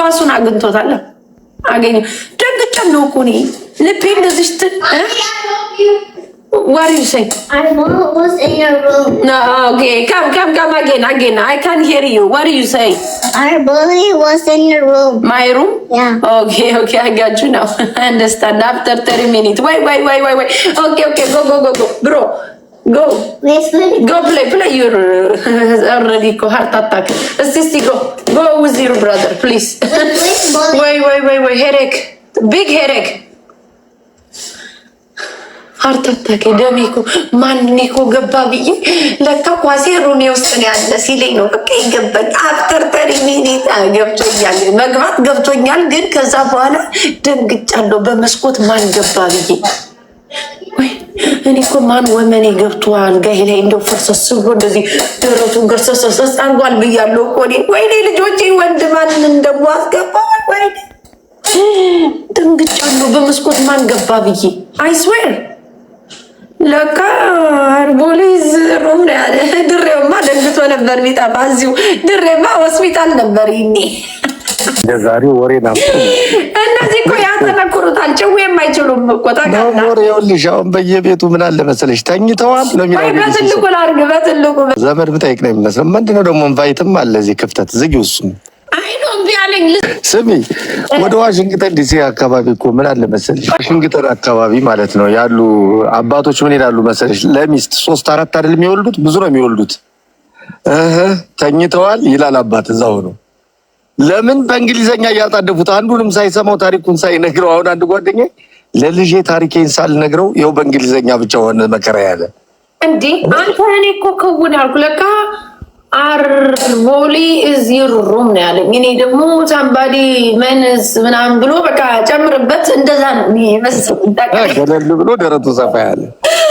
ኳሱን አግኝቶታል። አገኘ ደግጨ ነው እኮ እኔ ልቤ እንደዚህ ሩም ጎ ጎ ፕሌይ ፕሌይ ዩር ኦልሬዲ እኮ ሀርት አታክ። እስቲ እስቲ ጎ ጎ ዊዝ ዩር ብራዘር ፕሊዝ። ወይ ወይ ወይ ወይ ሄሬክ ቢግ ሄሬክ ሀርት አታክ። ደሜ እኮ ማን እኮ ገባ ብዬ ለካ ኳሴ ሩሜ ውስጥ ነው ያለ ሲለኝ ነው በቃ ይገባኝ። አፍተር ተሪ ሚኒት ገብቶኛል፣ መግባት ገብቶኛል። ግን ከዛ በኋላ ደንግጫለሁ በመስኮት ማን ገባ ብዬ እኔ እኮ ማን ወመኔ ገብቶ አልጋዬ ላይ እንደው ፈርሰስ ብሎ እንደዚህ ደረቱን ገርሰሰሰ አርጓል ብያለሁ እኮ እኔ። ወይኔ ልጆቼ ወንድ ማንን እንደሞ አስገባዋል። ወይኔ ደንግጫለሁ። በመስኮት ማን ገባ ብዬ አይስዌር ለካ አርቦሊዝ ሩም ያለ ድሬውማ ደንግቶ ነበር ሚጠፋ እዚሁ ድሬማ ሆስፒታል ነበር ይኔ ዛሬ ወሬ ና እነዚህ እኮ ያተነኩሩታል ጭው የማይችሉም እኮ ታውቃለህ። ይኸውልሽ አሁን በየቤቱ ምን አለ መሰለሽ ተኝተዋል ነው የሚለው። በትልቁ ላድርግ በትልቁ ዘመድ ብጠይቅ ነው የሚመስለው። ምንድን ደግሞ እንቫይትም አለ እዚህ ክፍተት ዝግ ውሱም ስሚ ወደ ዋሽንግተን ዲሲ አካባቢ እኮ ምን አለ መሰለሽ፣ ዋሽንግተን አካባቢ ማለት ነው ያሉ አባቶች ምን ይላሉ መሰለሽ፣ ለሚስት ሶስት አራት አይደል የሚወልዱት ብዙ ነው የሚወልዱት። ተኝተዋል ይላል አባት እዛ ነው ለምን በእንግሊዘኛ እያጣደፉት አንዱንም ሳይሰማው ታሪኩን ሳይነግረው አሁን አንድ ጓደኛ ለልጄ ታሪኬን ሳልነግረው ይኸው በእንግሊዘኛ ብቻ ሆነ መከራ ያለ እንዲህ አንተ እኔ እኮ ክውን ያልኩ ለካ አርቦሊ እዚ ሩም ነው ያለኝ። እኔ ደግሞ ሳምባዲ መንስ ምናምን ብሎ በቃ ጨምርበት እንደዛ ነው ገለል ብሎ ደረቱ ሰፋ ያለ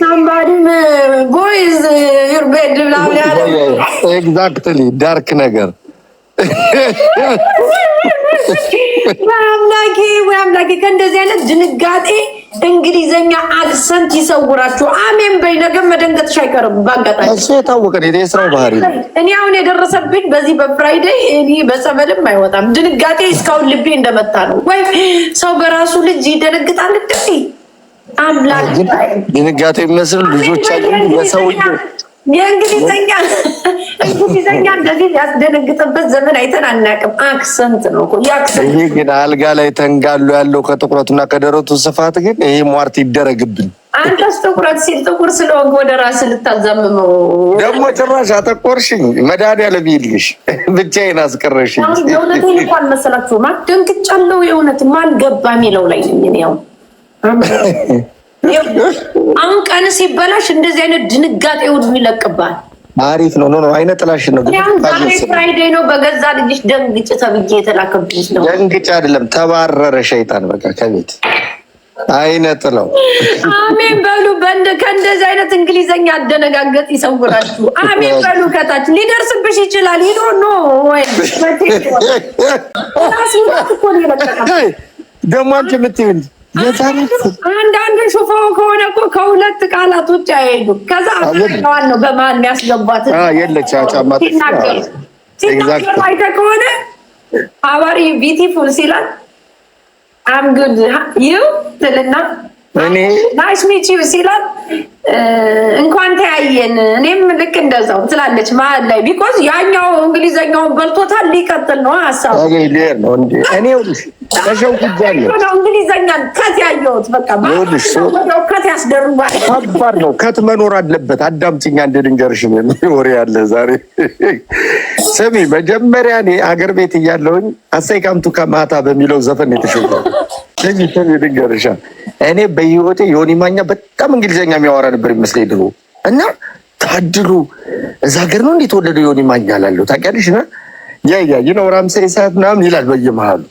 ሳምባዲን ቦይዝ ዩር ቤድ ብላል ኤግዛክትሊ ዳርክ ነገር አምላኬ ወይ አምላኬ፣ ከእንደዚህ አይነት ድንጋጤ እንግሊዘኛ አክሰንት ይሰውራችሁ። አሜን በይ። ነገም መደንገጥሽ አይቀርም። በአጋጣሚ እሱ የታወቀ የስራው ባህሪ እኔ አሁን የደረሰብኝ በዚህ በፍራይደይ እኔ በጸበልም አይወጣም ድንጋጤ። እስካሁን ልቤ እንደመታ ነው። ወይ ሰው በራሱ ልጅ ይደነግጣል። ድንጋጤ የሚመስል ልጆች ለሰው የእንግሊዝኛ እንግሊዝኛ እንደዚህ ያስደነግጥበት ዘመን አይተን አናውቅም። አክሰንት ነው አክሰንት። ይሄ ግን አልጋ ላይ ተንጋሉ ያለው ከጥቁረቱ እና ከደረቱ ስፋት ግን ይሄ ሟርት ይደረግብን። አንተስ ትኩረት ሲል ጥቁር ስለሆንክ ወደ ራስ ልታዛምመው ደግሞ ጭራሽ አጠቆርሽኝ። መድኃኒዓለም ይልሽ ብቻዬን አስቀረሽኝ። የእውነት እንኳን መሰላችሁ ማ ደንግጫለው። የእውነት ማን ገባ የሚለው ላይ ነኝ ያው አሁን ቀን ሲበላሽ እንደዚህ አይነት ድንጋጤ ውድ ይለቅባል። አሪፍ ነው። ኖ አይነ ጥላሽ ነው። ፍራይዴ ነው። በገዛ ልጅሽ ደንግጭ ተብዬ የተላከብሽ ነው። ደንግጭ አይደለም ተባረረ። ሸይጣን በቃ ከቤት አይነ ጥለው አሜን በሉ። በእንደ ከእንደዚህ አይነት እንግሊዘኛ አደነጋገጥ ይሰውራችሁ። አሜን በሉ። ከታች ሊደርስብሽ ይችላል። ይኖ ኖ ወይ ደግሞ አንቺ የምትይው እንጂ አንዳንዱ ሹፌው ከሆነ እኮ ከሁለት ቃላት ውጭ አይሄዱም። ከዛ ዋን ነው በመሀል የሚያስገቧት የለች ሲናገር አይተህ ከሆነ አባሪ ቢቲፉል ሲላል አም ጉድ ይው ትልና ናይስ ሚች ዩ ሲላል እንኳን ተያየን እኔም ልክ እንደዛው ትላለች መሀል ላይ ቢኮዝ ያኛው እንግሊዘኛውን በልቶታል። ሊቀጥል ነው ሀሳቡ እኔ እንግሊዘኛን ከት ያየሁት ከት ያስደርጓል። ከባድ ነው። ከት መኖር አለበት። አዳምጪኝ አንድ ልንገርሽ ወሬ አለ ዛሬ። ስሚ መጀመሪያ እኔ አገር ቤት እያለሁኝ አሳይቃምቱ ከማታ በሚለው ዘፈን የተሸጠ ልንገርሻ። እኔ በህይወቴ ዮኒ ማኛ በጣም እንግሊዘኛ የሚያወራ ነበር ይመስለኝ ድሮ እና ታድሉ እዛ ሀገር ነው እንዴት ወለደው ዮኒ ማኛ ላለው ታውቂያለሽ ና ያያዩ ነው ራምሳ ሰዓት ምናምን ይላል በየመሀሉ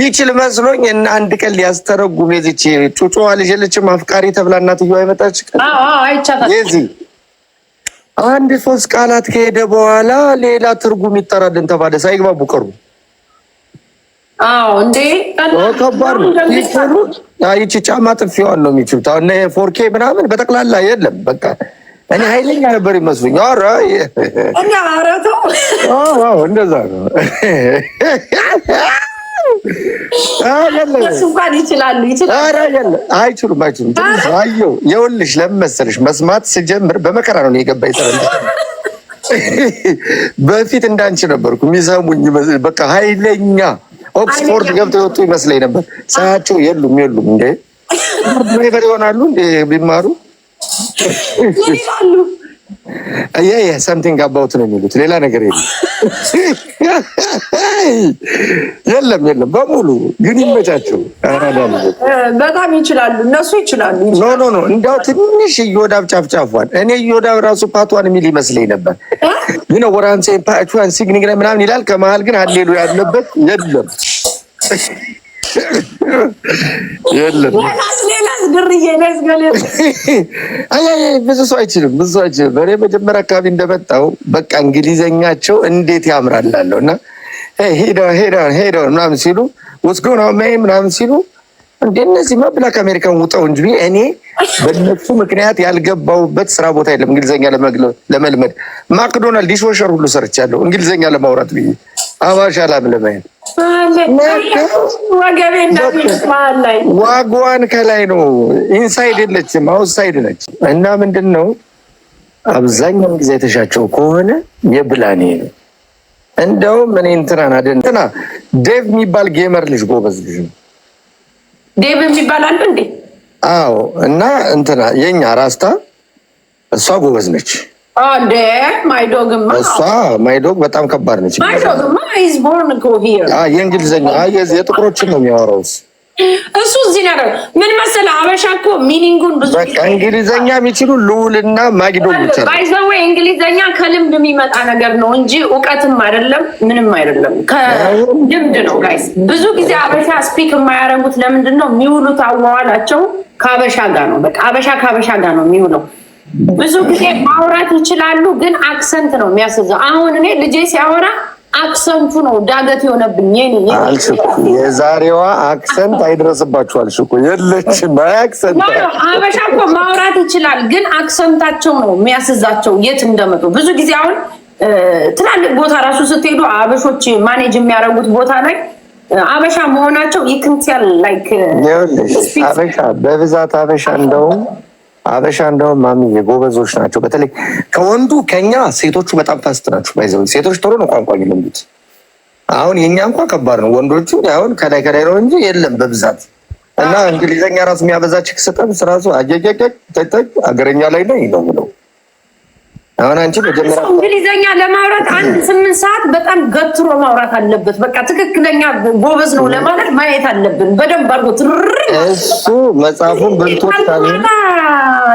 ይችል መስሎኝ እና አንድ ቀን ሊያስተረጉም የዚች ጩጮ ልጅ የለችም አፍቃሪ ተብላ እናትዮ የመጣች የዚህ አንድ ሶስት ቃላት ከሄደ በኋላ ሌላ ትርጉም ይጠራልን ተባለ። ሳይግባቡ ቀሩ። ከባድ ነው። ይቺ ጫማ ጥፊዋን ነው የሚችሉት እና ፎርኬ ምናምን በጠቅላላ የለም በቃ እኔ ኃይለኛ ነበር ይመስሉኝ። ኧረ እንደዛ ነው። አይችሉም አይችሉም። የውልሽ ለመሰልሽ መስማት ስጀምር በመከራ ነው የገባ ይጠረ በፊት እንዳንቺ ነበርኩ የሚሰሙኝ በቃ ኃይለኛ ኦክስፎርድ ገብተው የወጡ ይመስለኝ ነበር። ሳያቸው የሉም የሉም እንዴ ይሆናሉ እንዴ ቢማሩ ሰምቲንግ አባውት ነው የሚሉት። ሌላ ነገር የለም የለም የለም። በሙሉ ግን ይመቻቸው። በጣም ይችላሉ እነሱ ይችላሉ። ኖ ኖ ኖ እንዲያው ትንሽ እዮዳብ ጫፍጫፏን እኔ እዮዳብ ራሱ ፓቷን የሚል ይመስለኝ ነበር። ይነ ወራንሴ ፓቿን ሲግኒግ ምናምን ይላል። ከመሀል ግን አሌሉ ያለበት የለም ብዙ ሰው አይችልም። ብዙ ሰው አይችልም። በእኔ መጀመሪያ አካባቢ እንደመጣው በቃ እንግሊዘኛቸው እንዴት ያምራላለሁ እና ሄዳ ሄዳ ሄዳ ምናምን ሲሉ ወስዶና ሜ ምናምን ሲሉ እንዴ እነዚህ ብላክ አሜሪካን ውጠው እንጂ እኔ በነሱ ምክንያት ያልገባውበት ስራ ቦታ የለም። እንግሊዘኛ ለመልመድ ማክዶናልድ ዲሽወሸር ሁሉ ሰርቻለሁ እንግሊዘኛ ለማውራት ብዬ አባሽ አላብለበይ ዋጓን ከላይ ነው። ኢንሳይድ የለችም፣ አውትሳይድ ነች። እና ምንድን ነው አብዛኛውን ጊዜ የተሻቸው ከሆነ የብላኔ ነው። እንደውም እኔ እንትናን አደ እንትና ዴቭ የሚባል ጌመር ልጅ ጎበዝ ልጅ ነው። ዴቭ የሚባል አለ እንዴ? አዎ። እና እንትና የኛ ራስታ እሷ ጎበዝ ነች። እሷ ማይዶግ በጣም ከባድ ነች። የእንግሊዝኛ የጥቁሮችን ነው የሚያወራው እሱ እዚህ ነገር ምን መሰለህ፣ አበሻ እኮ ሚኒንጉን ብዙ እንግሊዘኛ የሚችሉ ልውልና ማግዶ ይዘወ እንግሊዘኛ ከልምድ የሚመጣ ነገር ነው እንጂ እውቀትም አይደለም ምንም አይደለም፣ ከልምድ ነው ጋይስ። ብዙ ጊዜ አበሻ ስፒክ የማያደርጉት ለምንድን ነው? የሚውሉት አዋዋላቸው ከአበሻ ጋር ነው። በቃ አበሻ ከአበሻ ጋር ነው የሚውለው። ብዙ ጊዜ ማውራት ይችላሉ፣ ግን አክሰንት ነው የሚያስይዘው። አሁን እኔ ልጄ ሲያወራ አክሰንቱ ነው ዳገት የሆነብኝ። የዛሬዋ አክሰንት አይደረስባችሁ አልሽ የለች አክሰንት አበሻ እኮ ማውራት ይችላል፣ ግን አክሰንታቸው ነው የሚያስዛቸው የት እንደመጡ። ብዙ ጊዜ አሁን ትላልቅ ቦታ ራሱ ስትሄዱ አበሾች ማኔጅ የሚያደርጉት ቦታ ላይ አበሻ መሆናቸው ይክንትያል ላይክ አበሻ በብዛት አበሻ እንደውም አበሻ እንደውም ማሚ የጎበዞች ናቸው። በተለይ ከወንዱ ከኛ ሴቶቹ በጣም ፋስት ናቸው። ባይዘ ሴቶች ቶሎ ነው ቋንቋ የሚለምዱት። አሁን የኛ እንኳ ከባድ ነው። ወንዶቹ አሁን ከላይ ከላይ ነው እንጂ የለም በብዛት እና እንግሊዝኛ ራሱ የሚያበዛች ክስጠም ስራሱ አጀጀጀ አገረኛ ላይ ነው ነው አሁን አንቺ መጀመሪያ እንግሊዘኛ ለማውራት አንድ ስምንት ሰዓት በጣም ገትሮ ማውራት አለበት። በቃ ትክክለኛ ጎበዝ ነው ለማለት ማየት አለብን በደንብ አርጎ ትርር እሱ መጽሐፉን በልቶታል።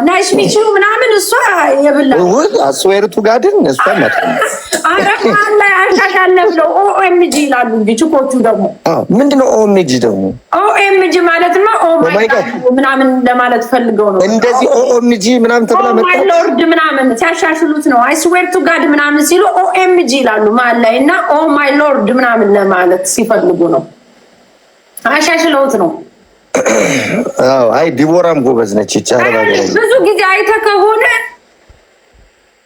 ናይስ ሚችሉ ምናምን እሷ የብላ አስዌርቱ ጋድን እሷ መጣ አረፋን ላይ አሻሻለ ብለው ኦኤምጂ ይላሉ። እንግዲህ ኮቹ ደግሞ ምንድነው ኦኤምጂ ደግሞ ኦኤምጂ ማለት ነው ኦማይጋድ oh ምናምን ለማለት ፈልገው ነው እንደዚህ ኦኤምጂ ምናምን ተብላ መጣ ኦማይ ሎርድ ምናምን ሲያሻሽሉ ያሉት ነው። አይ ስዌር ቱ ጋድ ምናምን ሲሉ ኦኤምጂ ይላሉ መሀል ላይ እና ኦ ማይ ሎርድ ምናምን ለማለት ሲፈልጉ ነው። አሻሽለውት ነው። አይ ዲቦራም ጎበዝ ነች። ብዙ ጊዜ አይተ ከሆነ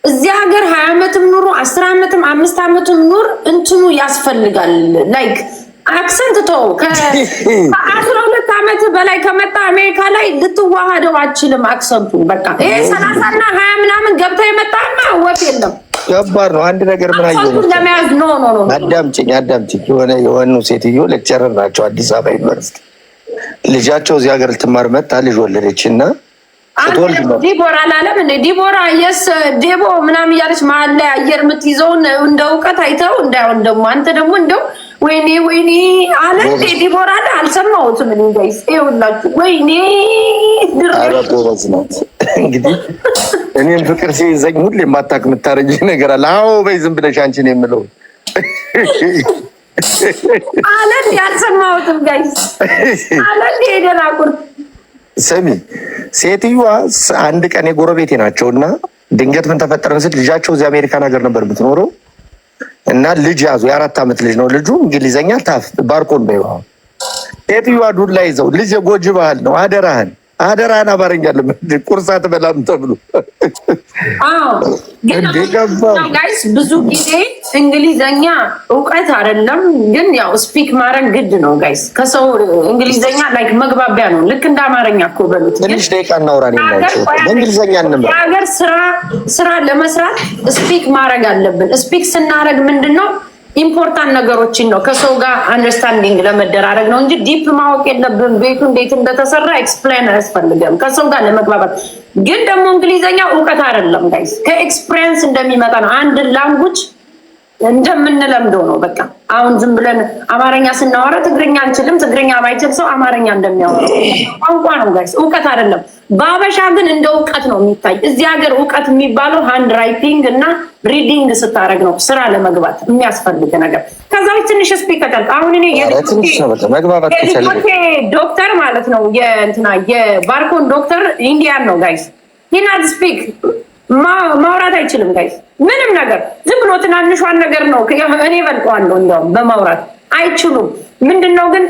እዚህ ሀገር ሀያ ዓመትም ኑሮ አስር ዓመትም አምስት ዓመትም ኑር እንትኑ ያስፈልጋል። ላይክ አክሰንት ቶ ዓመት በላይ ከመጣ አሜሪካ ላይ ልትዋሃደው አችልም። አክሰንቱ በቃ ይሄ ሰላሳና ሀያ ምናምን ገብታ የመጣማ ወፍ የለም። ከባድ ነው። አንድ ነገር ምን አየሁ ለመያዝ ኖ ኖ ኖ አዳምጪኝ፣ አዳምጪኝ። የሆነ የሆኑ ሴትዮ ሌክቸረር ናቸው አዲስ አበባ ዩኒቨርሲቲ። ልጃቸው እዚህ ሀገር ልትማር መጣ፣ ልጅ ወለደች እና ዲቦራ አላለም እንደ ዲቦራ የስ ዴቦ ምናምን እያለች መሀል ላይ አየር የምትይዘውን እንደ እውቀት አይተው እንዳይሆን ደግሞ አንተ ደግሞ እንደው ወይኔ ወይኔ አለ እንዴ ዲቦራን አልሰማሁትም። እኔ ጋይስ ይኸውላችሁ፣ ወይኔ ኧረ ጎበዝ ናት። እንግዲህ እኔም ፍቅር ሲይዘኝ ሁሌ የማታክ የምታረጅ ነገር አለ። አዎ በይ ዝም ብለሽ አንቺን የምለው አለ እንዴ አልሰማሁትም። ጋይስ አለ እንዴ ደናቁር ስሚ፣ ሴትዮዋ አንድ ቀን የጎረቤቴ ናቸው እና ድንገት ምን ተፈጠረ ስል ልጃቸው እዚህ አሜሪካን ሀገር ነበር የምትኖረው እና ልጅ ያዙ። የአራት ዓመት ልጅ ነው ልጁ። እንግሊዘኛ ታፍ ባርቆን በይ ሴትዮዋ ዱላ ይዘው ልጅ የጎጂ ባህል ነው። አደራህን አደራን አማርኛ ቁርስ አትበላም ተብሎ ጋይስ፣ ብዙ ጊዜ እንግሊዘኛ እውቀት አይደለም፣ ግን ያው ስፒክ ማድረግ ግድ ነው ጋይስ። ከሰው እንግሊዘኛ ላይክ መግባቢያ ነው፣ ልክ እንደ አማርኛ እኮ በሉት። ትንሽ ደቂቃ እናውራ በእንግሊዘኛ እንምራ። ሀገር ስራ ለመስራት ስፒክ ማድረግ አለብን። ስፒክ ስናደረግ ምንድን ነው ኢምፖርታንት ነገሮችን ነው ከሰው ጋር አንደርስታንዲንግ ለመደራረግ ነው እንጂ ዲፕ ማወቅ የለብን። ቤቱ እንዴት እንደተሰራ ኤክስፕላን አያስፈልገም። ከሰው ጋር ለመግባባት ግን ደግሞ እንግሊዘኛ እውቀት አይደለም ጋይስ፣ ከኤክስፕሪንስ እንደሚመጣ ነው። አንድ ላንጉጅ እንደምንለምደው ነው። በቃ አሁን ዝም ብለን አማርኛ ስናወራ ትግርኛ አንችልም፣ ትግርኛ ባይችል ሰው አማርኛ እንደሚያወራ ቋንቋ ነው ጋይስ፣ እውቀት አይደለም። በአበሻ ግን እንደ እውቀት ነው የሚታይ። እዚህ ሀገር እውቀት የሚባለው ሃንድ ራይቲንግ እና ሪዲንግ ስታደረግ ነው ስራ ለመግባት የሚያስፈልግ ነገር። ከዛ ላይ ትንሽ ስፒክ አሁን እኔ ዶክተር ማለት ነው የእንትና የባርኮን ዶክተር ኢንዲያን ነው ጋይስ ሂናት ስፒክ ማውራት አይችልም ጋይ ምንም ነገር ዝም ብሎ ትናንሿን ነገር ነው። እኔ በልጠዋለሁ እንዲያውም በማውራት አይችሉም። ምንድን ነው ግን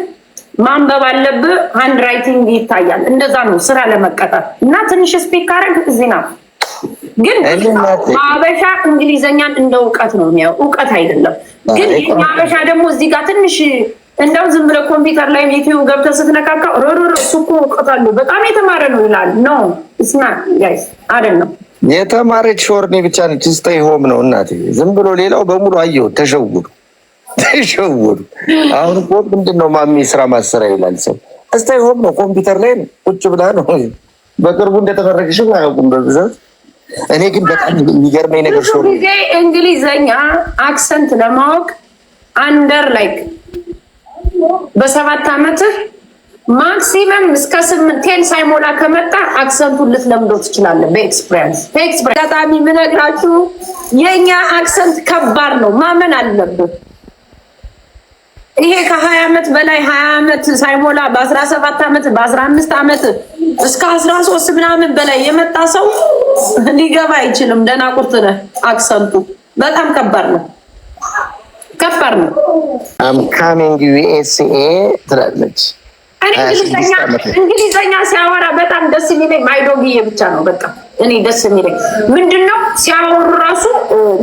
ማንበብ አለብህ። ሃንድ ራይቲንግ ይታያል። እንደዛ ነው ስራ ለመቀጠር እና ትንሽ ስፒክ አረግ እዚህ ና ግን ሀበሻ እንግሊዘኛን እንደ እውቀት ነው የሚያው እውቀት አይደለም። ግን የኛ ደግሞ እዚህ ጋር ትንሽ እንደው ዝም ብለህ ኮምፒውተር ላይ ዩቲዩብ ገብተህ ስትነካካ ሮሮሮ እሱ እኮ እውቀት አለው በጣም የተማረ ነው ይላል። ኖ ስና ጋይስ አይደለም የተማረች ሾርኔ ብቻ ነች። ስታይ ሆም ነው እናቴ። ዝም ብሎ ሌላው በሙሉ አየሁ። ተሸውዱ ተሸውዱ። አሁን እኮ ምንድን ነው ማሚ ስራ ማሰሪያ ይላል ሰው። ስታይ ሆም ነው፣ ኮምፒውተር ላይ ቁጭ ብላ ነው። በቅርቡ እንደተመረቅሽም አያውቁም በብዛት። እኔ ግን በጣም የሚገርመኝ ነገር ብዙ ጊዜ እንግሊዘኛ አክሰንት ለማወቅ አንደር ላይክ በሰባት አመትህ ማክሲመም እስከ ስምንት ቴን ሳይሞላ ከመጣ አክሰንቱን ልትለምዶ ትችላለ። በኤክስፕሪንስ በኤክስፕሪንስ አጋጣሚ ምነግራችሁ የእኛ አክሰንት ከባድ ነው፣ ማመን አለብን። ይሄ ከሀያ ዓመት በላይ ሀያ ዓመት ሳይሞላ በአስራ ሰባት ዓመት በአስራ አምስት ዓመት እስከ አስራ ሶስት ምናምን በላይ የመጣ ሰው ሊገባ አይችልም። ደናቁርት ነህ። አክሰንቱ በጣም ከባድ ነው፣ ከባድ ነው። አምካሚንግ ዩኤስኤ ትላለች እንግሊዘኛ ሲያወራ በጣም ደስ የሚለኝ ማይዶግዬ ብቻ ነው። በቃ እኔ ደስ የሚለኝ ምንድን ነው ሲያወሩ ራሱ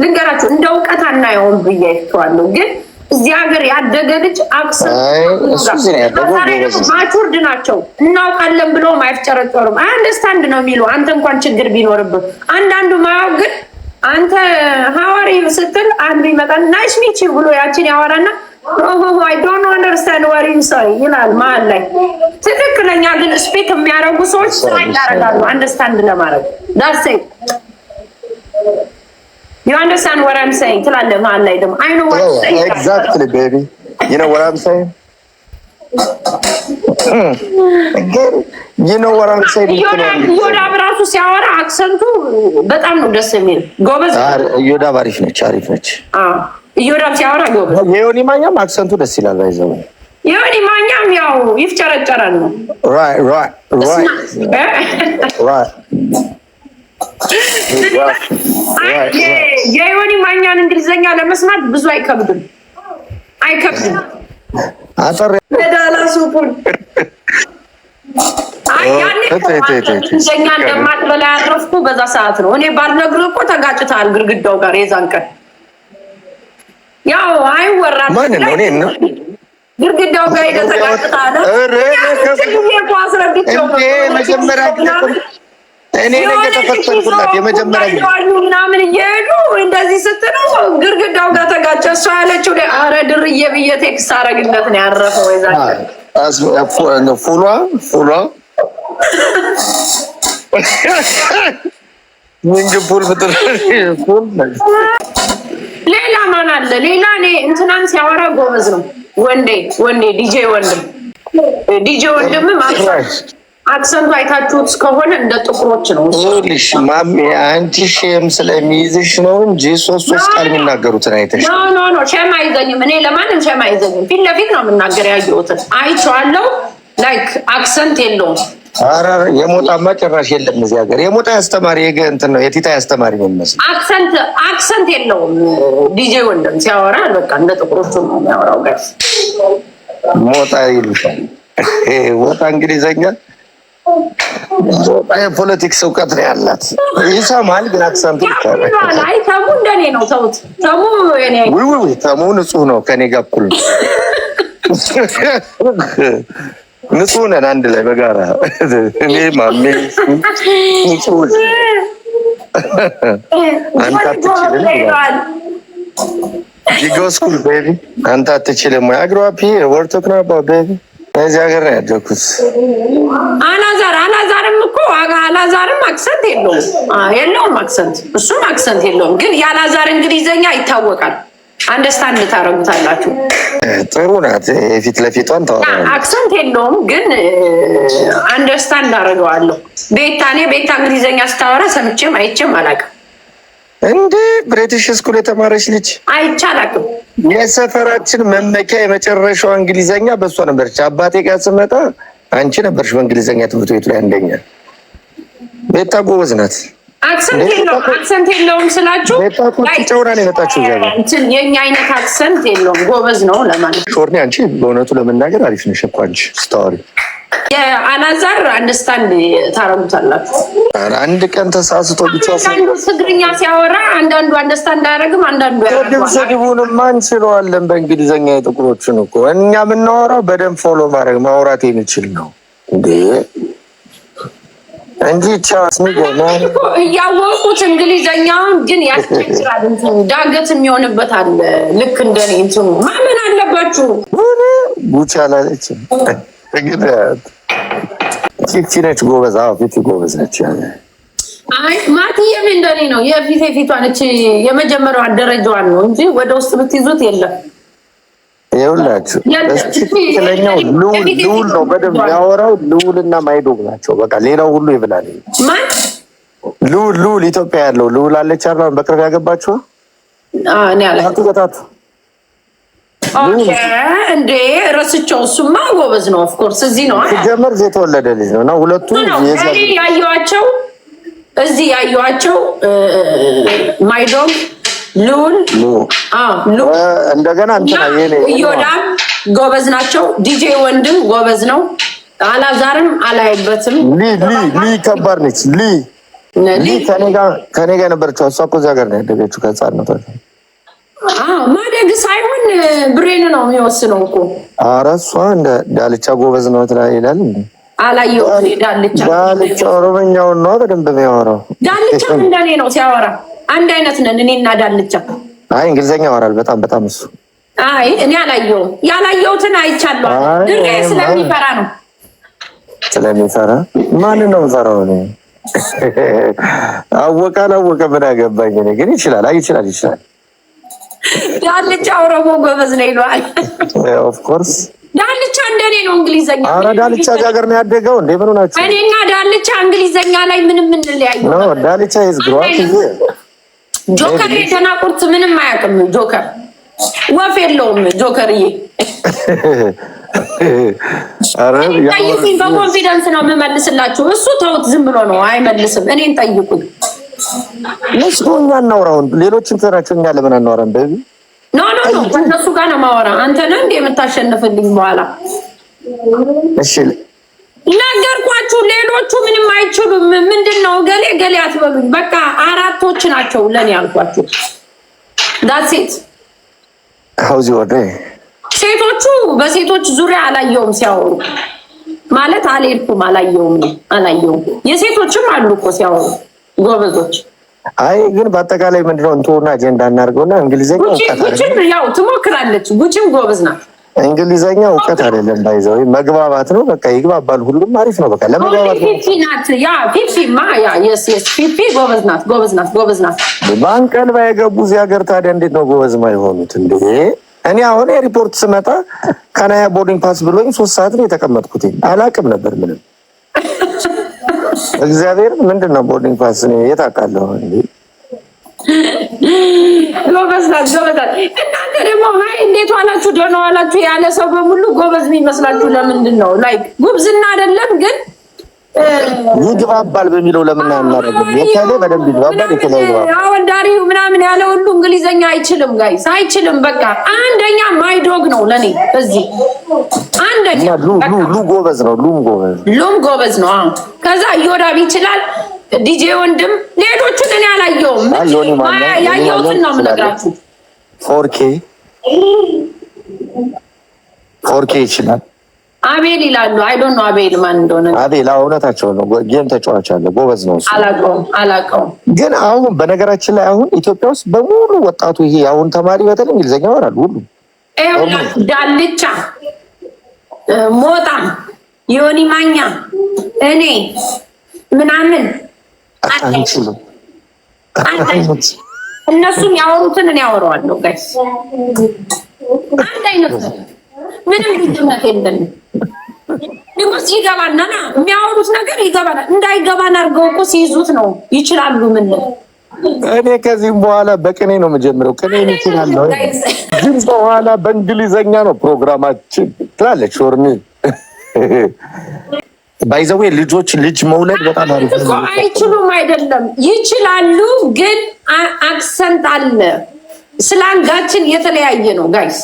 ልንገራችሁ፣ እንደ እውቀት አናየውም ብዬ አይቼዋለሁ። ግን እዚህ ሀገር ያደገ ልጅ አክሰማቹርድ ናቸው እናውቃለን ብለውም አይፍጨረጨሩም። አንደስታንድ ነው የሚሉ አንተ እንኳን ችግር ቢኖርብህ አንዳንዱ ማያው ግን አንተ ሀዋሪ ስትል አንዱ ይመጣል ናይስ ብሎ ያችን ያወራና አይ ዶንት አንደርስታንድ ወር ዩ ሳይ ይላል መሀል ላይ። ትክክለኛ ግን ስፔክ የሚያደርጉ ሰዎች ስራ ያደርጋሉ አንደርስታንድ ለማድረግ ዳሴ ዩ አንደርስታንድ ወር አም ሳይ ትላለህ መሀል ላይ ደግሞ አይ ኖ ወር ሳይ ኤግዛክትሊ ቤቢ ዩ ኖ ወር አም ሳይ እዮዳብ ራሱ ሲያወራ አክሰንቱ በጣም ነው ደስ የሚል። ጎበዝ እዮዳብ አሪፍ ነች፣ አሪፍ ነች። እዮዳብ ሲያወራ ጎበዝ። የዮኒ ማኛም አክሰንቱ ደስ ይላል። አይዘው የዮኒ ማኛም ያው ይፍጨረጨራል ነው። የዮኒ ማኛን እንግሊዝኛ ለመስማት ብዙ አይከብድም፣ አይከብድም። ዳላሱፑን እንግሊዝኛ እንደማትበላ ያረፍኩ በዛ ሰዓት ነው። እኔ ባልነግርህ እኮ ተጋጭተሃል ግድግዳው ጋር የዛን ቀን ያው አይወራ ማንን ነው? እኔን ነው? ግድግዳው ጋር ሄደህ ተቀጥታለህ። እኔ ነገ ተፈተንኩላት የመጀመሪያ ምናምን እየሄዱ እንደዚህ ስትሉ ግድግዳው ጋር ተጋጨ። እሷ ያለችው አረ ድርዬ ብዬ ቴክስት አደረግለት ነው ያረፈው። ወይዛ ፉሏ ፉሏ ምንግቡል ፍጥር ፉል ሌላ ማን አለ? ሌላ እኔ እንትናን ሲያወራ ጎበዝ ነው ወንዴ፣ ወንዴ ዲጄ ወንድም፣ ዲጄ ወንድም አክሰንቱ አይታችሁት ከሆነ እንደ ጥቁሮች ነው። ልሽ ማሜ አንቺ ሼም ስለሚይዝሽ ነው እንጂ ሶስት ሶስት ቃል የሚናገሩትን አይተሽ ኖ ኖ ሼም አይዘኝም። እኔ ለማንም ሼም አይዘኝም። ፊት ለፊት ነው የምናገር። ያየሁትን አይቼዋለሁ። ላይክ አክሰንት የለውም ኧረ የሞጣማ ጭራሽ የለም እዚህ ሀገር። የሞጣ ያስተማሪ የገ እንትን ነው የቲታ ያስተማሪ ነው የሚመስለው። አክሰንት አክሰንት የለውም ዲጄ ወንድም ሲያወራ በቃ እንደ ጥቁሮቹ ነው የሚያወራው። ጋር ሞጣ ይሉታል። ሞጣ እንግሊዘኛ ሞጣ የፖለቲክስ እውቀት ነው ያላት። ይሰማል ግን አክሰንቱ ይታላል። አይ ተሙ እንደኔ ነው ተውት። ተሙ የኔ ተሙ ንጹህ ነው ከኔ ጋር እኩል ነው ንጹህ ነን አንድ ላይ በጋራ እኔ ማሜ ንጹህ አንተ አትችልም ይላል። ስኩል ቤቢ አንተ አትችልም ወይ? አግሮ አፕ ሂር ወር ቶክ ቤቢ እዚህ ሀገር ነው ያደኩት። አላዛር አላዛርም እኮ አላዛርም አክሰንት የለውም የለውም አክሰንት እሱም አክሰንት የለውም። ግን የአላዛር እንግሊዘኛ ይታወቃል። አንደስታንድ ታደርጉታላችሁ። ጥሩ ናት። የፊት ለፊቷን አክሰንት የለውም ግን አንደርስታንድ አደርገዋለሁ። ቤታ እኔ ቤታ እንግሊዝኛ ስታወራ ሰምቼም አይቼም አላውቅም። እንደ ብሪቲሽ ስኩል የተማረች ልጅ አይቼ አላውቅም። የሰፈራችን መመኪያ የመጨረሻዋ እንግሊዝኛ በእሷ ነበረች። አባቴ ጋር ስመጣ አንቺ ነበርሽ በእንግሊዝኛ ትምህርት ቤቱ ላይ አንደኛ። ቤታ ጎበዝ ናት። አክሰንት የለውም ስላችሁ ጨውራ የመጣችሁ። አይነት አክሰንት የለውም። ጎበዝ ነው ለማለት ሾርኔ። አንቺ በእውነቱ ለመናገር አሪፍ ነሽ እኮ አንቺ ስታወሪ ታረጉታላችሁ። አንድ ቀን ተሳስቶ ብቻ ትግርኛ ሲያወራ አንዳንዱ አንደርስታንድ አያደርግም። አንዳንዱ ስድቡንማ እንችለዋለን በእንግሊዝኛ የጥቁሮችን እኮ እኛ የምናወራው በደንብ ፎሎ ማድረግ ማውራት የሚችል ነው እንዴ እንጂ ቻንስ እያወቁት እንግሊዘኛውን ግን ያስቸግራል። ዳገት የሚሆንበት አለ። ልክ እንደኔ እንትኑ ማመን አለባችሁ። ጉቺ አላለችም ፊፊ ነች። ጎበዝ ፊፊ ጎበዝ ነች። አይ ማትዬም እንደኔ ነው። የፊት የፊቷን እቺ የመጀመሪያዋን ደረጃዋን ነው እንጂ ወደ ውስጥ ብትይዙት የለም ይኸውላችሁ ትክክለኛው ልውል ልውል ነው። በደንብ ያወራው ልውልና ማይዶግ ናቸው። በቃ ሌላው ሁሉ ይብላል። ልውል ልውል ኢትዮጵያ ያለው ልውል አለች አላ በቅርብ ያገባችኋል ቁጣት እንዴ ረስቸው። እሱማ ጎበዝ ነው። ኦፍኮርስ እዚህ ነው ጀመር የተወለደ ልጅ ነው እና ሁለቱ ያየኋቸው እዚህ ያየኋቸው ማይዶግ ልዑል እንደገና እዮዳብ ጎበዝ ናቸው። ዲጄ ወንድም ጎበዝ ነው። አላዛርም አላይበትም። ሊ ከባድ ነች። ሊ ከኔ ጋ የነበረችው እሷ እኮ እዚያ ሀገር ነው ያደገችው ከህፃነቷ ማደግ ሳይሆን ብሬን ነው የሚወስነው እኮ። ኧረ እሷ እንደ ዳልቻ ጎበዝ ነው ትላ ይላል እንዴ? አላየሁም። ዳልቻ ኦሮመኛውን ነው በደንብ የሚያወራው። ዳልቻ እንደኔ ነው ሲያወራ አንድ አይነት ነን እኔና ዳልቻ። አይ እንግሊዘኛ ያወራል በጣም በጣም እሱ። አይ እኔ አላየሁም፣ ያላየሁትን አይቻለሁ። ድሬ ስለሚፈራ ነው ስለሚፈራ ማንን ነው የምፈራው? እኔ አወቀ አላወቀ ምን አገባኝ እኔ። ግን ይችላል፣ አይ ይችላል፣ ይችላል። ዳልቻ ኦሮሞ ጎበዝ ነው ይለዋል። ኦፍኮርስ ዳልቻ እንደኔ ነው እንግሊዘኛ። አረ ዳልቻ ሀገር ነው ያደገው እንዴ? ምን ሆናችሁ? እኔና ዳልቻ እንግሊዘኛ ላይ ምንም እንለያዩ ነው። ዳልቻ ይዝግሯል ጆከር የተናቁርት ምንም አያውቅም። ጆከር ወፍ የለውም። ጆከርዬ ጠይቁኝ፣ በኮንፊደንስ ነው የምመልስላችሁ። እሱ ተውት፣ ዝም ብሎ ነው አይመልስም። እኔን ጠይቁኝ። ለሽ እኛ እናውራውን ሌሎችን ትራቸው እኛ ለምን አናወራም? በ ኖ ኖ ከእነሱ ጋር ነው ማወራ። አንተ ነህ እንደ የምታሸንፍልኝ በኋላ እሺ ነገርኳችሁ። ሌሎቹ ምንም አይችሉም። ምንድን ነው ገሌ ገሌ አትበሉኝ። በቃ አራቶች ናቸው ለኔ ያልኳችሁ። ዳሴት ሀውዚ ወደ ሴቶቹ በሴቶች ዙሪያ አላየውም ሲያወሩ ማለት አልሄድኩም፣ አላየውም አላየውም። የሴቶችም አሉ እኮ ሲያወሩ ጎበዞች። አይ ግን በአጠቃላይ ምንድነው እንትሆና አጀንዳ እናድርገውና እንግሊዝኛ ያው ትሞክራለች። ጉጭም ጎበዝ ናት። እንግሊዘኛ እውቀት አይደለም፣ ባይዘው መግባባት ነው። በቃ ይግባባል። ሁሉም አሪፍ ነው። በቃ ለመግባባት ባንቀልባ የገቡ እዚህ ሀገር ታዲያ እንዴት ነው ጎበዝ ማይሆኑት እንዴ? እኔ አሁን የሪፖርት ስመጣ ከናያ ቦርዲንግ ፓስ ብሎኝ ሶስት ሰዓት ነው የተቀመጥኩት። አላቅም ነበር ምንም። እግዚአብሔር ምንድን ነው ቦርዲንግ ፓስ የታውቃለሁ ጎበዝ ናት፣ ጎበዝ ናት። እናንተ ደግሞ ሀይ እንዴት ዋላችሁ ደህና ዋላችሁ ያለ ሰው በሙሉ ጎበዝ የሚመስላችሁ ለምንድን ነው? ላይ ጉብዝና አይደለም ግን ይግባባል በሚለው ለምን አናደርግም? የተለየ በደንብ ይግባባል። የተለየ አወንዳሪው ምናምን ያለ ሁሉ እንግሊዘኛ አይችልም፣ ጋይስ አይችልም። በቃ አንደኛ ማይዶግ ነው ለኔ እዚህ አንደኛ ሉ ሉ ጎበዝ ነው፣ ሉም ጎበዝ ሉም ጎበዝ ነው። ከዛ እዮዳብ ይችላል ዲጄ ወንድም ሌሎቹን እኔ አላየውም። ያየሁትን ነው የምነግራችሁ። ፎርኬ ፎርኬ ይችላል። አቤል ይላሉ። አይዶ ነው አቤል ማን እንደሆነ። አቤል እውነታቸው ነው። ጌም ተጫዋች አለ፣ ጎበዝ ነው። አላውቀውም ግን አሁን በነገራችን ላይ አሁን ኢትዮጵያ ውስጥ በሙሉ ወጣቱ ይሄ አሁን ተማሪ በተለይ እንግሊዝኛ ያወራል ሁሉ ዳልቻ ሞጣ፣ ዮኒ ማኛ፣ እኔ ምናምን አንችልም። እነሱም ያወሩትን እኔ ጋይስ አንድ አይነት ምንም ልዩነት የለን። ንጉስ የሚያወሩት ነገር እንዳይገባን አድርገው እኮ ሲይዙት ነው ይችላሉ። ምን እኔ ከዚህም በኋላ በቅኔ ነው የምጀምረው። ቅኔ ይችላለሁ። በኋላ በእንግሊዘኛ ነው ፕሮግራማችን ትላለች ሾርኒ ባይዘዌ ልጆች ልጅ መውለድ በጣም አሪፍ ነው። አይችሉም አይደለም ይችላሉ፣ ግን አክሰንት አለ። ስላንጋችን የተለያየ ነው ጋይስ።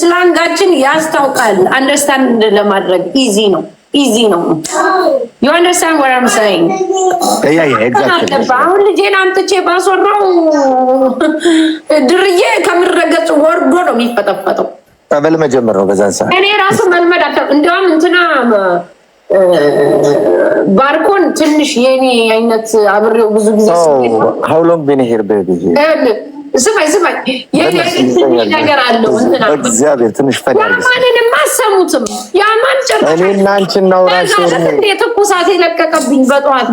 ስላንጋችን ያስታውቃል። አንደርስታንድ ለማድረግ ኢዚ ነው ኢዚ ነው። ዩ አንደርስታንድ ዋት አም ሳይንግ። አሁን ልጄን አምጥቼ ባስወራው ድርዬ ከምረገጽ ወርዶ ነው የሚፈጠፈጠው። ጠበል መጀመር ነው በዛን ሰዓት። እኔ ራሱ መልመድ አ እንዲያውም እንትና ባርኮን ትንሽ የኔ አይነት አብሬው ብዙ ጊዜ ሀው ሎንግ ሄር ቤቢ ስማኝ ስማኝ ነገር አለው እግዚአብሔር ትንሽ ፈማንን አሰሙትም ያማን ጨርእኔና አንቺ እናውራ ትኩሳት የለቀቀብኝ በጠዋት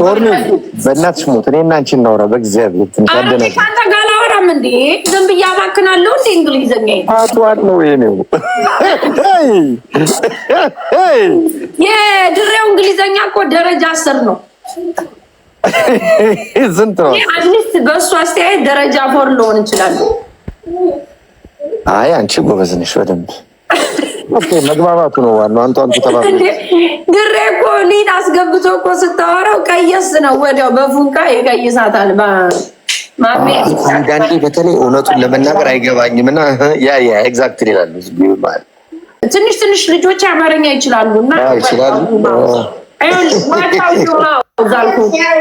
በእናትሽ ሞት እኔ አንቺ እናውራ በእግዚአብሔር ትንሽ ያደነ አልሰራም እንዴ? ዝም ብዬ አባክናለሁ እንዴ? እንግሊዘኛ አቷን ነው የድሬው እንግሊዘኛ እኮ ደረጃ አስር ነው። ስንት ነው? አትሊስት በእሱ አስተያየት ደረጃ ፎር ልሆን እንችላለሁ። አይ አንቺ ጎበዝ ነሽ በደንብ መግባባቱ ነው ዋናው። ድሬ እኮ አስገብቶ እኮ ስታወራው ቀየስ ነው ወዲያው በፉንቃ የቀይሳታል። አንዳንዴ በተለይ እውነቱን ለመናገር አይገባኝም እና ያ ያ ኤግዛክት ይላሉ። ትንሽ ትንሽ ልጆች አማርኛ ይችላሉ እና ይችላሉ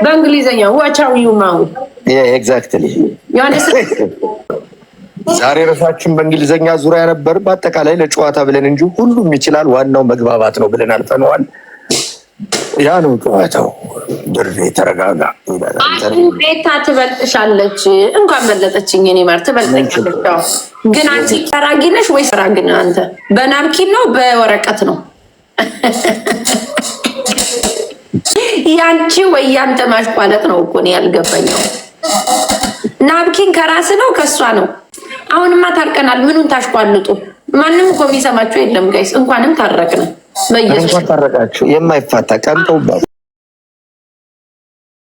በእንግሊዝኛ ዋቻው ዩማው ኤግዛክት ዛሬ ርዕሳችን በእንግሊዝኛ ዙሪያ ነበር። በአጠቃላይ ለጨዋታ ብለን እንጂ ሁሉም ይችላል። ዋናው መግባባት ነው ብለን አልፈነዋል። ያ ነው ጨዋታው። ብር ተረጋጋ ቤታ ትበልጥሻለች። እንኳን በለጠችኝ እኔ ማር ትበልጠኛለች። ግን አንቺ ሰራጊ ነሽ ወይ ሰራጊ ነህ አንተ? በናፕኪን ነው በወረቀት ነው ያንቺ ወይ ያንተ ማሽቋለጥ ነው እኮ ነው ያልገባኛው። ናፕኪን ከራስ ነው ከእሷ ነው። አሁንማ ታርቀናል። ምኑን ታሽቋልጡ? ማንም እኮ የሚሰማችሁ የለም ጋይስ። እንኳንም ታረቅን። በኢየሱስ ታረቃችሁ። የማይፋታ ቀምተውባት